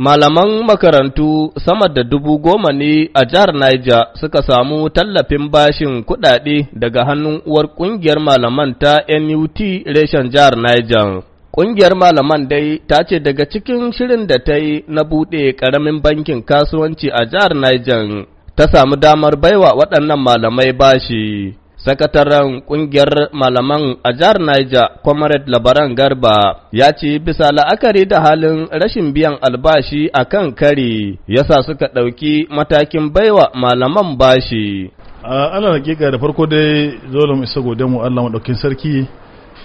Malaman makarantu sama da dubu goma ne a jihar Niger suka samu tallafin bashin kuɗaɗe daga hannun uwar ƙungiyar malaman ta NUT reshen jihar Niger. Ƙungiyar malaman dai ta ce daga cikin shirin da ta yi na buɗe ƙaramin bankin kasuwanci a jihar Niger ta samu damar baiwa waɗannan malamai bashi. Sakataren ƙungiyar malaman a jihar Niger, Comrade Labaran Garba, ya ce bisa la'akari da halin rashin biyan albashi a kan kari, yasa suka ɗauki matakin baiwa malaman bashi. A ala hakika da farko dai dole mu isa gode mu Allah maɗaukin sarki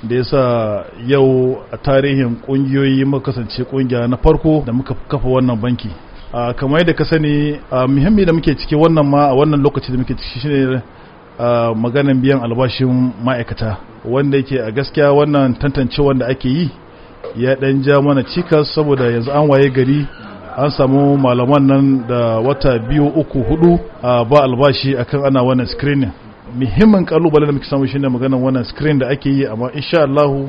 da yasa yau a tarihin ƙungiyoyi makasance ƙungiya na farko da muka kafa wannan banki. kamar yadda ka sani muhimmi da muke ciki wannan ma a wannan lokaci da muke ciki shine maganan biyan albashin ma'aikata wanda yake a gaskiya wannan tantance wanda ake yi ya dan ja mana cikas saboda yanzu an waye gari an samu malaman nan da wata biyu uku hudu ba albashi akan ana wannan screening muhimmin kalubale da muke samu shine maganan wannan screen da ake yi amma insha Allah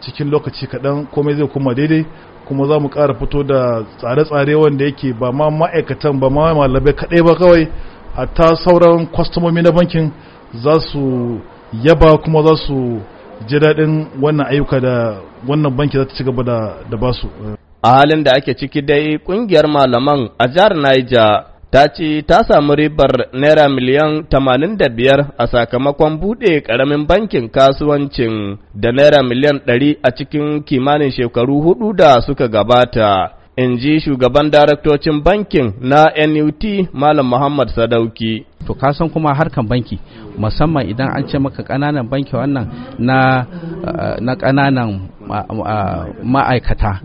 cikin lokaci kaɗan komai zai kuma daidai kuma za mu ƙara fito da tsare-tsare wanda yake ba ma ma'aikatan ba ma malamai kaɗai ba kawai hatta sauran kwastomomi na bankin za su yaba kuma za su ji daɗin wannan ayyuka da wannan banki za ta ci gaba da su. a halin da ake ciki dai ƙungiyar malaman a jihar Niger ta ce ta samu ribar naira miliyan 85 a sakamakon buɗe karamin bankin kasuwancin da naira miliyan 100 a cikin kimanin shekaru hudu da suka gabata in ji shugaban daraktocin bankin na NUT Malam Muhammad Sadauki. To ka san kuma harkan banki musamman idan an ce maka ƙananan banki wannan na eh, ƙananan ma'aikata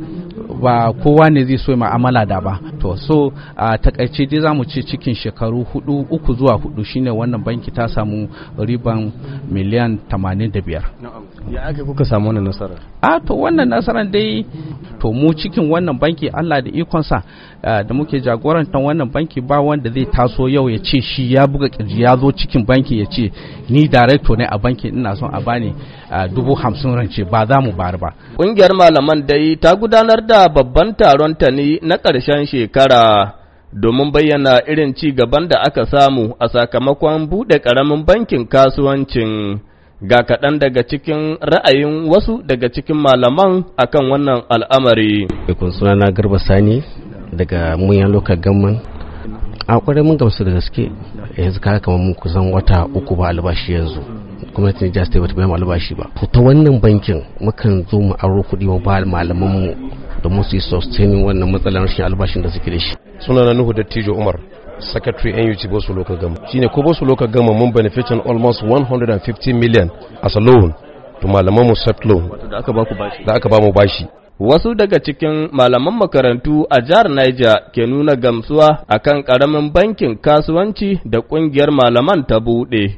ba kowa ne zai so ma'amala da ba to so a takaice dai zamu ce cikin shekaru hudu uku zuwa hudu shine wannan banki ta samu riban miliyan 85 ya aka kuka samu wannan nasara a to wannan nasaran dai to mu cikin wannan banki Allah da ikonsa da muke jagorantar wannan banki ba wanda zai taso yau ya ce shi ya buga kirji ya zo cikin banki ya ce ni director ne a banki ina son a bani dubu hamsin rance ba za mu bari ba Ƙungiyar malaman dai ta gudanar da babban taron ta ne na ƙarshen shekara domin bayyana irin ci gaban da aka samu a sakamakon buɗe ƙaramin bankin kasuwancin ga kaɗan daga cikin ra'ayin wasu daga cikin malaman akan wannan al'amari. suna na Garba Sani daga Munyan Local Gamman. A ƙwarai mun gamsu da gaske yanzu kaga kamar mun kusan wata uku ba albashi yanzu. gwamnatin jihar state bata biya albashi ba to ta wannan bankin mukan zo mu aro kuɗi ma ba malaman mu domin su yi sustaining wannan matsalar rashin albashin da suke da shi sunana nuhu dattijo umar secretary NUT Bosu Local Government shine ko Bosu Local Government mun benefitin almost 150 million as a loan to malaman mu set loan da aka ba ku bashi da aka ba mu bashi Wasu daga cikin malaman makarantu a jihar Niger ke nuna gamsuwa akan karamin bankin kasuwanci da kungiyar malaman ta buɗe.